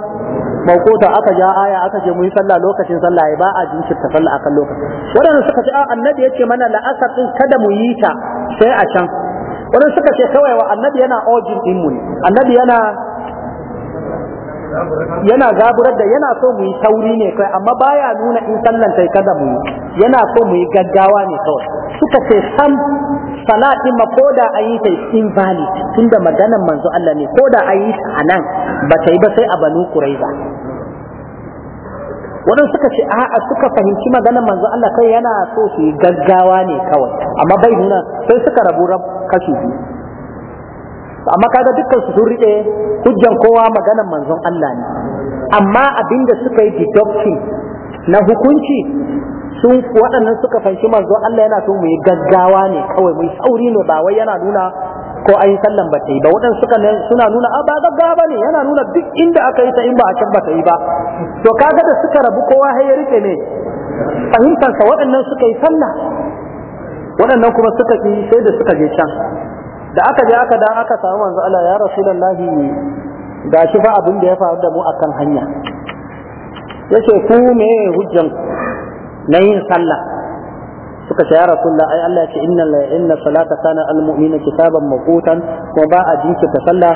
mawquta aka ja aya aka ce mu yi sallah lokacin sallah ba a jinkirta sallah akan lokaci wadanda suka ce a annabi yace mana la'asar din kada mu yi ta sai a can wadanda suka ce kawai wa annabi yana ojin din mu ne annabi yana yana gaburar da yana so mu yi tauri ne kai amma baya nuna in sallan tai kada mu yi yana so mu yi gaggawa ne kawai suka ce sam salat din ma ko da ayi ta invalid tunda maganan manzo Allah ne koda da ayi ta anan ba ta yi ba sai a banu quraiza wannan suka ce a'a suka fahimci maganan manzo Allah kai yana so su gaggawa ne kawai amma bai nuna sai suka rabu rab kashi biyu amma kaga dukkan su sun rike hujjan kowa maganan manzon Allah ne amma abinda suka yi deduction na hukunci sun waɗannan suka fanshi manzo Allah yana so mu yi gaggawa ne kawai mu yi sauri ne ba wai yana nuna ko ayi sallan ba ta yi ba waɗannan suka suna nuna a ah, ba gaggawa ba ne yana nuna duk inda aka yi ta in ba a can ba ta yi ba to kaga da suka rabu kowa har ya rike ne fahimtarsa waɗannan suka yi sallah waɗannan kuma suka yi sai da suka je can da aka je aka dan aka samu manzo Allah ya rasulullahi shi fa abin da ya faru da mu akan hanya yace ku me hujjan na yin sallah suka ce ya rasulullah ai Allah yake inna la inna salata kana al mu'mina kitaban mabutan kuma ba a jinki ta sallah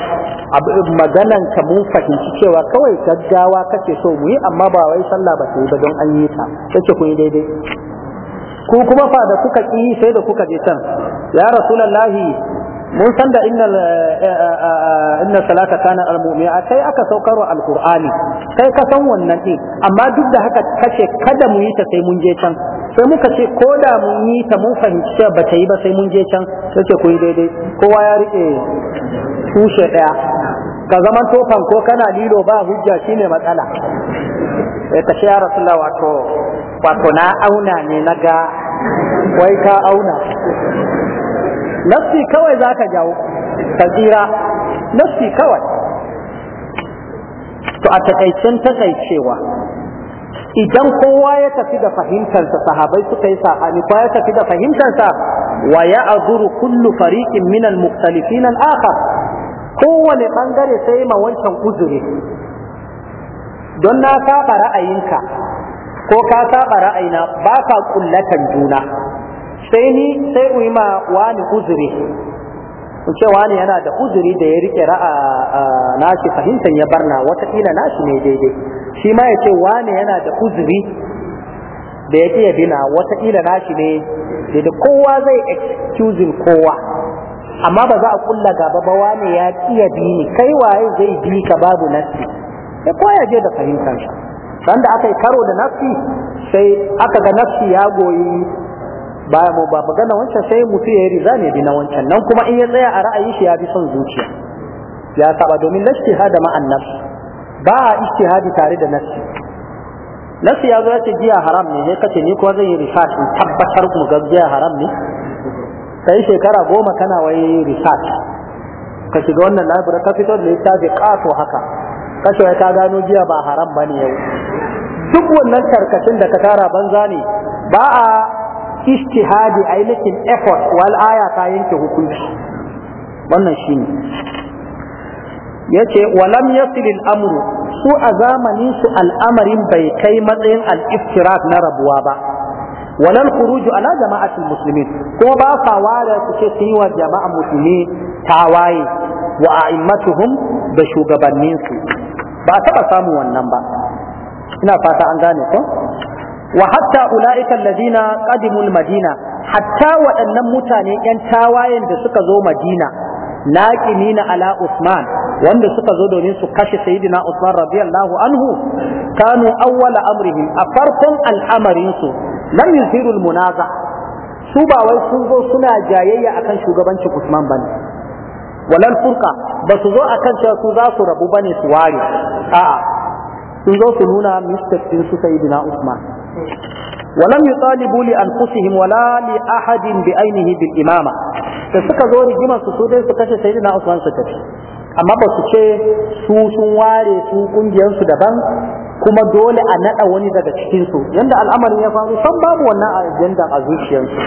abu maganan ka mun fahimci cewa kawai gaggawa kace so mu yi amma ba wai sallah ba ta yi ba don an yi ta kace ku yi daidai ku kuma fa da kuka yi sai da kuka je can ya rasulullahi mun san da eh, eh, eh, inna salata kana almu'mina kai aka al alqur'ani kai ka san wannan din amma duk da haka kace kada mu yi ta sai mun je can sai muka ce ko da mun yi ta mun fahimci cewa ba ta yi ba sai mun je can sai ce ku yi daidai kowa ya rike tushe daya ka zaman tofan ko kana lilo ba hujja shine matsala sai ka ce ya rasulullah wato wato na auna ne na ga wai ka auna nafsi kawai za ka jawo tsira nafsi kawai to a takaicen takaicewa idan kowa ya tafi da fahimtarsa sahabai suka yi saɓani kowa ya tafi da fahimtarsa wa ya azuru kullu fariqin minan muktalifin al-akhar kowane bangare sai ma wancan uzuri don na saba ra'ayinka ko ka saba ra'ayina ba ka kullatan juna sai ni sai ku yi ma wani uzuri in ce wani yana da uzuri da ya rike ra'a shi fahimtar ya barna watakila nashi ne daidai shi ma ya ce wani yana da uzuri da ya iya bina watakila nashi ne daidai kowa zai excusing kowa amma ba za a kulla gaba ba wani ya iya bi kai waye zai bi ka babu nasi ya koya je da fahimtar shi da aka yi karo da nafsi sai aka ga nafsi ya goyi Baya mu ba magana wancan sai mutu ya yi riza ne bi na wancan nan kuma in ya tsaya a ra'ayi shi ya bi son zuciya ya saba domin lashti hada ma annab ba a ijtihadi tare da nafsi nafsi ya zo ya ce giya haram ne sai kace ni kuma zan yi research in tabbatar mu ga giya haram ne sai shekara goma kana wai research ka shiga wannan library ka fito da littafi kato haka kashe wai ka gano giya ba haram bane yau duk wannan karkashin da ka tara banza ne ba a ishtihadi a yi making effort wal aya ta yanke hukunci wannan shi ne ya ce walam filin Amru su a zamanin su al'amarin bai kai matsayin al'iftirat na rabuwa ba walal kuruju ala jama'atul musulmin ko ba sa ware su ce su yi wa jama'a musulmi tawaye wa a'immatuhum da shugabanninsu ba taɓa samun wannan ba ina fata an gane ko wa hatta ulaika alladhina qadimu almadina hatta waɗannan mutane yan tawayen da suka zo madina naqimina ala usman wanda suka zo domin su kashe sayyidina usman radiyallahu anhu kanu awwala amrihim a farkon al'amarin su lam yuziru almunaza su ba wai sun zo suna jayayya akan shugabanci usman bane walal furqa ba su zo akan cewa za su rabu bane su ware a'a sun zo su nuna mistake din su sayyidina usman walam yutalibu li anfusihim wala li ahadin bi ainihi bil imama da suka zo rigimar su su dai su kashe sayyidina Usman su tafi amma ba su ce su sun ware su kungiyar su daban kuma dole a nada wani daga cikin su al'amarin ya faru san babu wannan agenda a zuciyarsu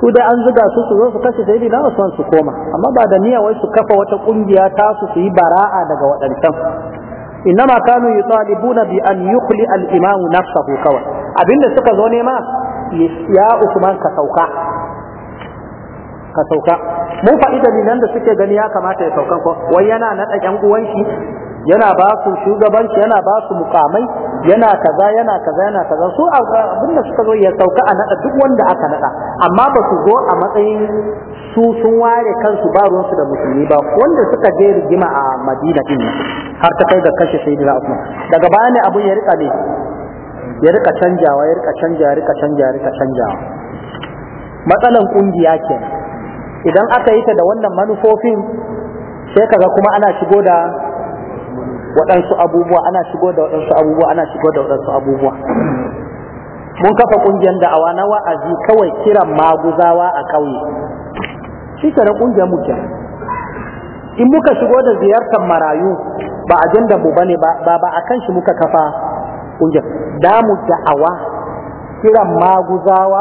su dai an zuga su su zo su kashe sai na Usman su koma amma ba da niyya wai su kafa wata kungiya ta su su yi bara'a daga waɗancan إنما كانوا يطالبون بأن يخلي الإمام نفسه كوا أبين سكا زوني ما يا عثمان كسوكا ka sauka mun faɗi nan da suke gani ya kamata ya saukan ko wai yana naɗa ɗan uwan shi yana ba su shugabanci yana ba su mukamai yana kaza yana kaza yana kaza su da suka zo ya sauka a naɗa duk wanda aka naɗa amma ba su zo a matsayin su sun ware kansu ba ruwansu da musulmi ba wanda suka je rigima a madina din har ta kai ga kashe sayyidina usman daga baya ne abun ya rika ne ya rika canjawa ya rika canjawa ya rika canjawa ya rika canjawa matsalan kungiya kenan idan aka yi ta da wannan manufofin sai kaga kuma ana shigo da waɗansu abubuwa ana shigo da waɗansu abubuwa ana shigo da waɗansu abubuwa mun kafa ƙungiyar da'awa na wa'azi kawai kiran maguzawa a ƙauye shi da ƙungiyar mu in muka shigo da ziyartar marayu ba a da mu bane ba ba kan shi muka kafa ƙungiyar damu da'awa kiran maguzawa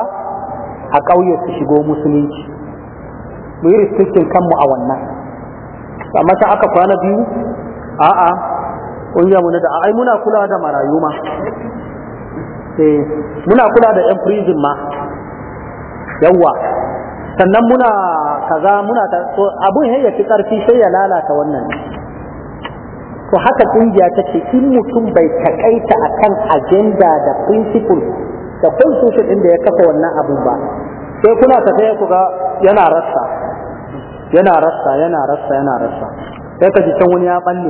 a ƙauye su shigo musulunci mu yi restriction kanmu a wannan amma ta aka kwana biyu a'a kungiya mu da ai muna kula da marayu ma eh muna kula da yan prison ma yawa sannan muna kaza muna ta so abun ya ci karfi sai ya lalata wannan to haka kungiya take in mutum bai takaita akan agenda da principle da constitution din da ya kafa wannan abun ba sai kuna tafiya ku ga yana rasa yana rassa yana rassa yana rassa sai ka ji can wani ya balle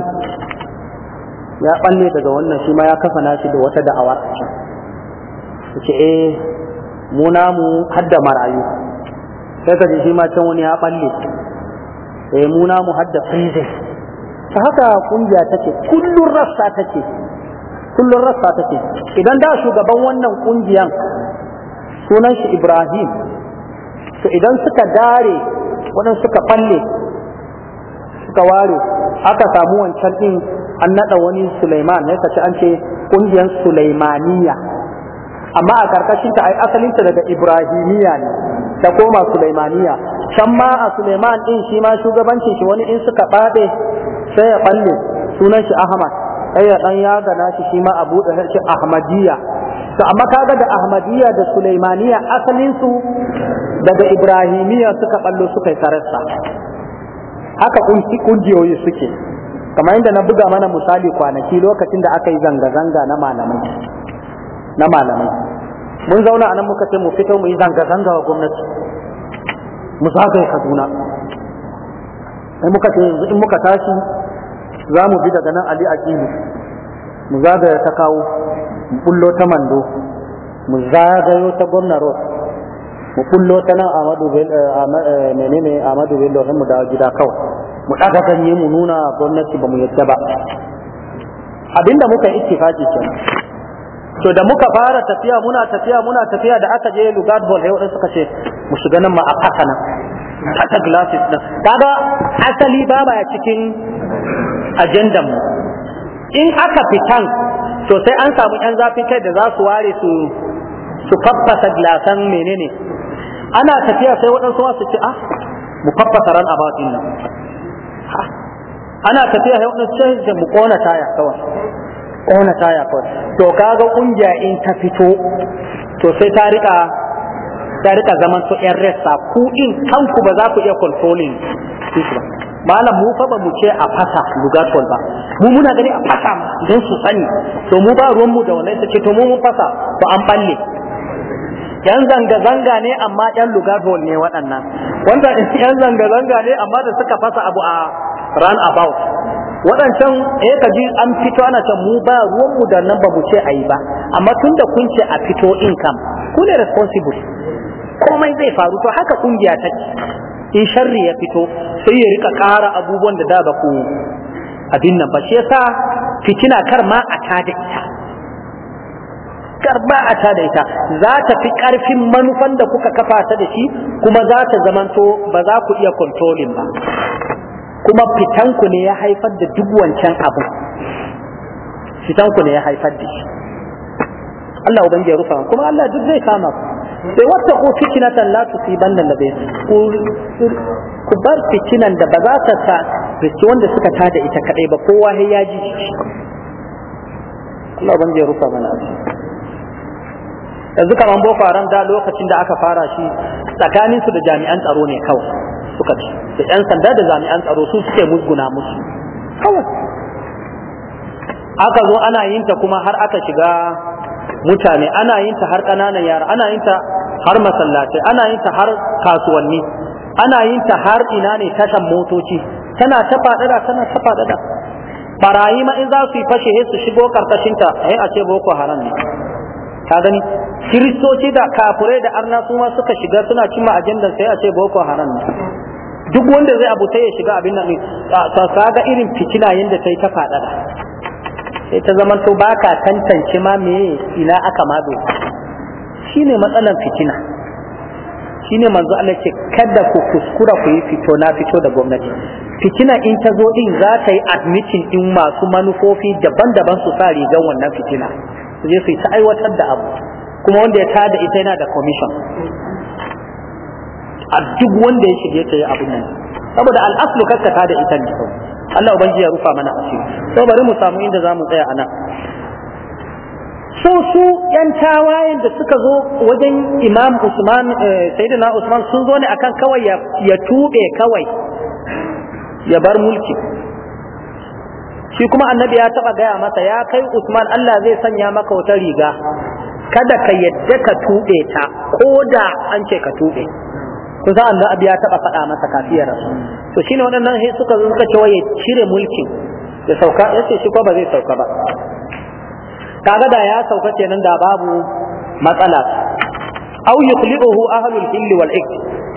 ya balle daga wannan shi ma ya kafa nashi da wata da'awar a can ce eh mu namu hadda marayu sai ka ji shi ma can wani ya balle eh mu namu hadda prison ta haka kungiya take kullun rassa take kullun rassa take idan da shugaban wannan kungiyan sunan shi Ibrahim to idan suka dare waɗansu suka falle suka ware aka samu wancan ɗin an naɗa wani Sulaiman ne kace an ce ƙungiyar Sulaimaniya amma a karkashin ta ai asalin ta daga Ibrahimiya ne ta koma Sulaimaniya can ma a Sulaiman ɗin shi ma shugabancin shi wani in suka bade sai ya falle sunan shi Ahmad sai ya ɗan yaga gana shi shi ma a buɗe shi Ahmadiyya to amma kaga da Ahmadiyya da Sulaimaniya asalin su daga ibrahimiya suka ballo suka yi karasa haka kungiyoyi suke kamar yadda na buga mana misali kwanaki lokacin da aka yi zanga-zanga na malamai na malamai mun zauna a nan muka ce mu fito mu yi zanga-zanga wa gwamnati mu zagaye kaduna sai muka ce yanzu in muka tashi za mu bi daga nan ali akilu mu zagaya ta kawo mu bullo ta mando mu zagayo ta gwamna road mu kullo ta nan amadu eh, eh, menene amadu bello mu dawo gida kawai mu ɗaga ganye mu nuna gwamnati ba mu yadda ba abinda muka yi ittifaki kenan to da muka fara tafiya muna tafiya muna tafiya da aka je lugard ball sai suka ce mu shiga nan ma a haka nan ta glasses din kaga asali ba ba cikin agenda mu in aka fitan to sai an samu yan zafin kai da za su ware su su faffasa glasan menene ana tafiya sai waɗansu masu ce ah mu faffasa ran a nan ana tafiya sai waɗansu ce mu ƙona taya kawai ƙona taya kawai to kaga ƙungiya in ta fito to sai ta rika ta rika zaman su ƴan resta ku in kanku ba za ku iya controlling malam mu fa ba mu ce a fasa lugatol ba mu muna gani a fasa don su sani to mu ba ruwan mu da wannan ce to mu mun fasa to an balle yan zanga-zanga ne amma yan lugarhol ne waɗannan wanda yan zanga-zanga ne amma da suka fasa abu a ran about waɗancan eh ka ji an fito ana can mu ba ruwanmu da nan ba mu ce a yi ba amma tun da kun ce a fito income ku ne responsible komai zai faru to haka kungiya ta in sharri ya fito sai ya rika ƙara abubuwan da da ba ku abin nan ba shi yasa fitina kar ma a da ita matukar ba a ta da ita za ta fi karfin manufan da kuka kafa ta da shi kuma za ta zamanto ba za ku iya kontrolin ba kuma fitanku ne ya haifar da duk wancan abu fitanku ne ya haifar da shi Allah ubangi ya rufa kuma Allah duk zai kama ku sai wata ko fitinatan la tusiban nan da bai ku bar fitinan da ba za ta sa riski wanda suka tada ita kadai ba kowa ya ji Allah ubangi ya rufa mana asiri yanzu kaman boko haram da lokacin da aka fara shi tsakanin su da jami'an tsaro ne kawai suka ci da yan sanda da jami'an tsaro su suke musguna musu aka zo ana yin ta kuma har aka shiga mutane ana yin ta har ƙananan yara ana yin ta har masallatai ana yin ta har kasuwanni ana yin ta har ina ne tashan motoci tana ta faɗaɗa tana ta faɗaɗa barayi ma in za su yi fashe su shigo karkashinta ai a ce boko haram ne ka gani kiristoci da kafurai da arna su ma suka shiga suna cimma ajandar sai a ce boko haram duk wanda zai abu ya shiga abin nan ka ga irin fitina yadda sai ta faɗaɗa sai ta zama to ba tantance ma me ina aka ma shine matsalan fitina shine manzo Allah ce kada ku kuskura ku yi fito na fito da gwamnati fitina in ta zo din za ta yi admitting din masu manufofi daban-daban su sa rigan wannan fitina su je su yi ta aiwatar da abu kuma wanda ya tada ita yana da commission a duk wanda ya shige ta yi abin nan saboda al'aslu kakka tada ita ne Allah ubangiji ya rufa mana asiri to bari mu samu inda zamu tsaya a nan so su yan tawayen da suka zo wajen imam usman eh, sayyidina usman sun zo ne akan kawai ya tube kawai ya bar mulki shi kuma annabi ya taba gaya masa ya kai usman allah zai sanya maka wata riga kada ka yadda ka tuɓe ta ko da an ce ka tuɓe kun san annabi ya taba faɗa masa kafiyar to shine waɗannan sai suka zo suka ce waye cire mulkin ya sauka yace shi ko ba zai sauka ba kaga da ya sauka kenan da babu matsala aw yukhli'uhu ahlul hilli wal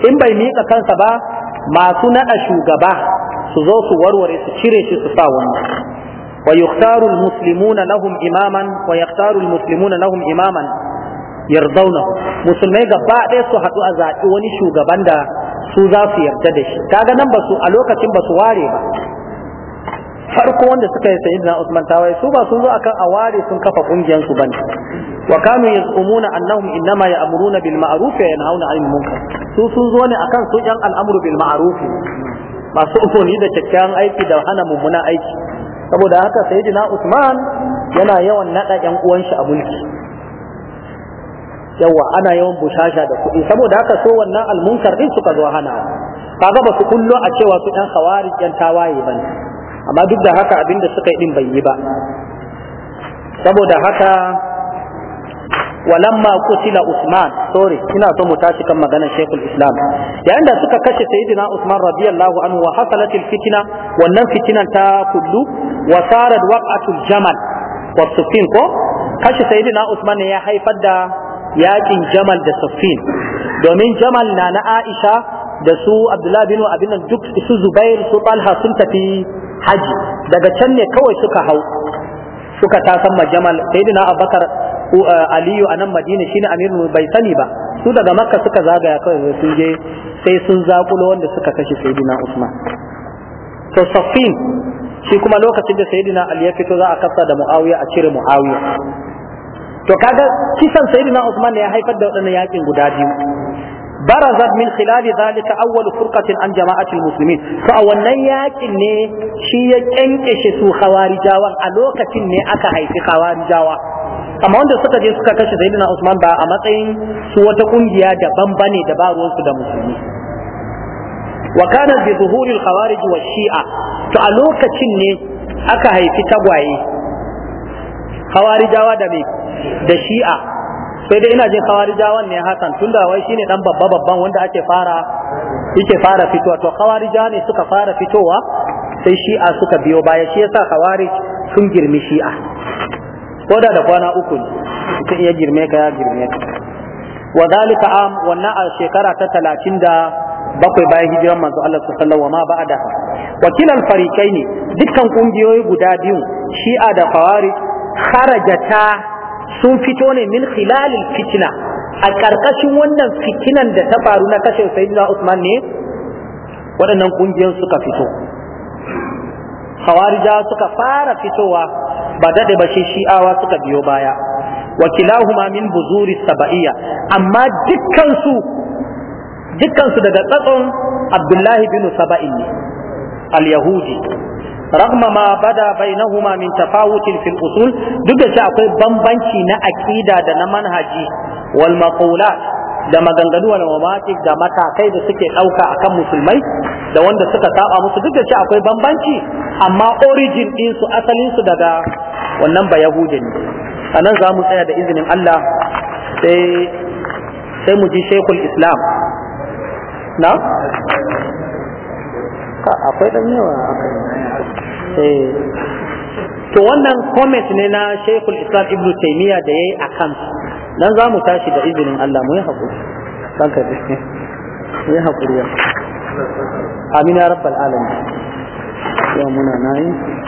in bai mika kansa ba masu naɗa shugaba su zo su warware su cire shi su sa wannan wa yukhtaru almuslimuna lahum imaman wa yakhtaru almuslimuna lahum imaman yardauna musulmai gaba ɗaya su haɗu a zaɓi wani shugaban da su za su yarda da shi kaga nan ba su a lokacin ba su ware ba farko wanda suka yi sayyidina Usman tawai su ba sun zo akan a ware sun kafa kungiyan su bane wa kanu yazumuna annahum innama ya'muruna bil ma'ruf wa yanhauna 'anil munkar su sun zo ne akan su yan al'amru bil ma'ruf masu umarni da kyakkyawan aiki da hana mummuna aiki saboda haka sayyidina usman yana yawan nada yan uwanshi shi a mulki yawa ana yawan bushasha da kuɗi saboda haka so wannan almunkar din suka zo hana kaga ba su kullo a cewa su dan khawarij yan tawaye bane amma duk da haka abinda suka yi din bai yi ba saboda haka walamma qutila Usman sorry ina so mu tashi kan maganar Sheikhul Islam yayin da suka kashe saidina Usman radiyallahu anhu wa hasalat fitna wannan fitinan ta kullu wa sarat waqatul jamal wa sufin ko kashe saidina Usman ne ya haifar da yaƙin jamal da sufin domin jamal na na Aisha da su Abdullahi bin Abin duk su Zubairu su Talha sun tafi haji daga can ne kawai suka hau suka tasan majamal Sayyidina Abubakar Eh, aliyu a nan madina shine amirul bai sani ba su daga makka suka zagaya kawai sun je sai sun zakulo wanda suka kashe sayyidina usman to safin shi kuma lokacin da sayyidina ali ya fito za a kasa da muawiya a cire muawiya to kaga kisan sayyidina usman ne ya haifar da wadannan yakin guda biyu barazat min khilali zalika awwal furqatin an jama'atul muslimin to a wannan yakin ne shi ya kenkeshe su khawarijawan a lokacin ne aka haifi khawarijawa amma wanda suka je suka kashe sayyidina Usman ba a matsayin su wata kungiya daban bane da ba ruwansu da musulmi wa kana bi zuhuril khawarij wa shi'a to a lokacin ne aka haifi tagwaye khawarijawa da me da shi'a sai dai ina jin khawarijawan ne hakan tunda wai shine dan babba babban wanda ake fara yake fara fitowa to khawarijawa ne suka fara fitowa sai shi'a suka biyo baya shi yasa khawarij sun girmi shi'a ko da da kwana uku ne mutum ya girme ka ya girme ka wa zalika am wannan a shekara ta talatin da bakwai bayan hijiran manzo Allah sallallahu wa ma ba'da wakilan farikai ne dukkan kungiyoyi guda biyu shi'a da khawarij kharajata sun fito ne min khilalil fitina a ƙarƙashin wannan fitinan da ta faru na kashe sayyidina Usman ne waɗannan ƙungiyar suka fito hawarija suka fara fitowa ba daɗe ba shi shi'awa suka biyo baya wakila kilahuma min buzuri saba'iyya amma dukkansu dukkansu daga tsatson abdullahi bin saba'in ne al-yahudi ragma ma bada bainahuma min tafawutin fil usul duk da cewa akwai bambanci na aƙida da na manhaji wal maqulat da maganganu wal mawaqiq da matakai da suke dauka akan musulmai da wanda suka saba musu duk da cewa akwai bambanci amma orijin dinsu su asalin su daga wannan ba yahudi ne anan za mu tsaya da izinin Allah sai sai mu ji shekul islam na akwai dan yawa eh to wannan comment ne na Sheikhul Islam Ibn Taymiyyah da yayi akan dan za mu tashi da izinin Allah mu yi hakuri kanka ji mu yi hakuri amin ya rabbal alamin yau muna nayi